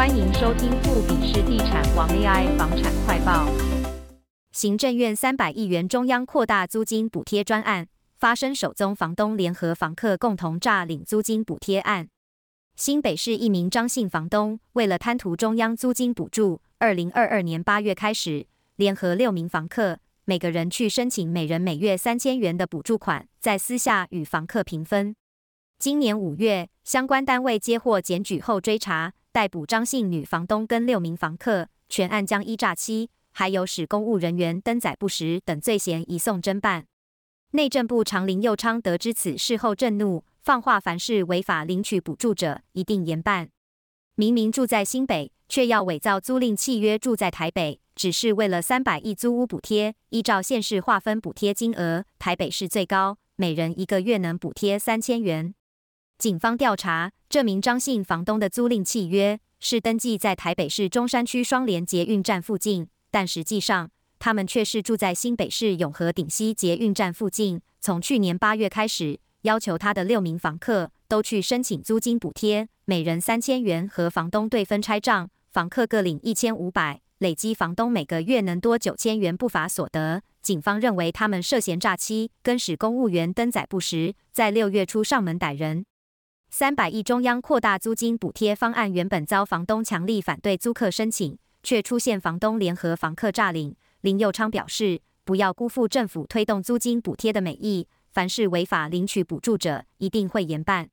歡迎收聽富比士地產王 AI 房產快報。行政院三百億元中央擴大租金補貼專案發生首宗房東聯合房客共同詐領租金補貼案。新北市一名張姓房東為了貪圖中央租金補助，二零二二年八月開始聯合六名房客，每個人去申請每人每月三千元的補助款，在私下與房客平分。今年五月，相關單位接獲檢舉後追查，逮捕張姓女房東跟六名房客，全案將依詐欺還有使公務人員登載不實等罪嫌移送偵辦。內政部長林右昌得知此事後震怒，放話凡是違法領取補助者一定嚴辦。明明住在新北，卻要偽造租賃契約住在台北，只是為了三百億租屋補貼。依照縣市劃分補貼金額，台北市最高，每人一個月能補貼三千元。警方調查，這名張姓房東的租賃契約是登記在台北市中山區雙連捷運站附近，但實際上他們卻是住在新北市永和頂溪捷運站附近。從去年八月開始，要求他的六名房客都去申請租金補貼，每人三千元，和房東對分拆賬，房客各領一千五百，累計房東每個月能多九千元不法所得。警方認為他們涉嫌詐欺，更使公務員登載不實，在六月初上門逮人。三百億中央擴大租金補貼方案原本遭房東強力反對，租客申請卻出現房東聯合房客詐領。林右昌表示，不要辜負政府推動租金補貼的美意，凡是違法領取補助者，一定會嚴辦。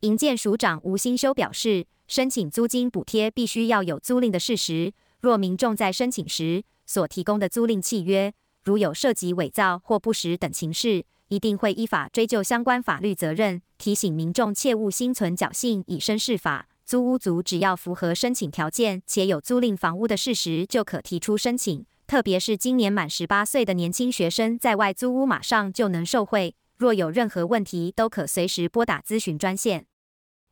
營建署長吳新修表示，申請租金補貼必須要有租賃的事實，若民眾在申請時所提供的租賃契約如有涉及偽造或不實等情事，一定會依法追究相關法律責任，提醒民眾切勿心存僥倖，以身試法。租屋族只要符合申請條件，且有租賃房屋的事實，就可提出申請。特別是今年滿十八歲的年輕學生在外租屋，馬上就能受惠。若有任何問題，都可隨時撥打諮詢專線。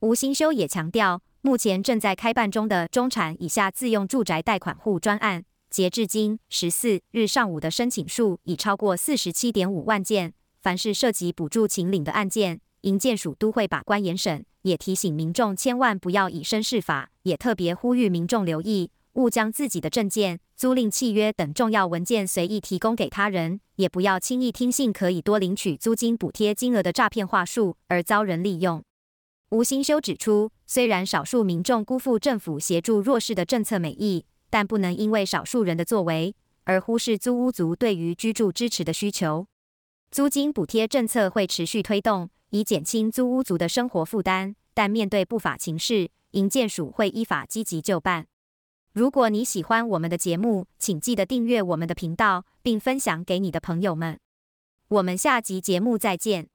吳欣修也強調，目前正在開辦中的中產以下自用住宅貸款戶專案，截至今十四日上午的申請數已超過四十七點五萬件。凡是涉及補助請領的案件，營建署都會把關嚴審，也提醒民眾千萬不要以身試法，也特別呼籲民眾留意，勿將自己的證件、租賃契約等重要文件隨意提供給他人，也不要輕易聽信可以多領取租金補貼金額的詐騙話術而遭人利用。吳欣修指出，雖然少數民眾辜負政府協助弱勢的政策美意，但不能因為少數人的作為而忽視租屋族對於居住支持的需求。租金補貼政策會持續推動，以減輕租屋族的生活負擔。但面對不法情勢，營建署會依法積極究辦。如果你喜歡我們的節目，請記得訂閱我們的頻道，並分享給你的朋友們。我們下集節目再見。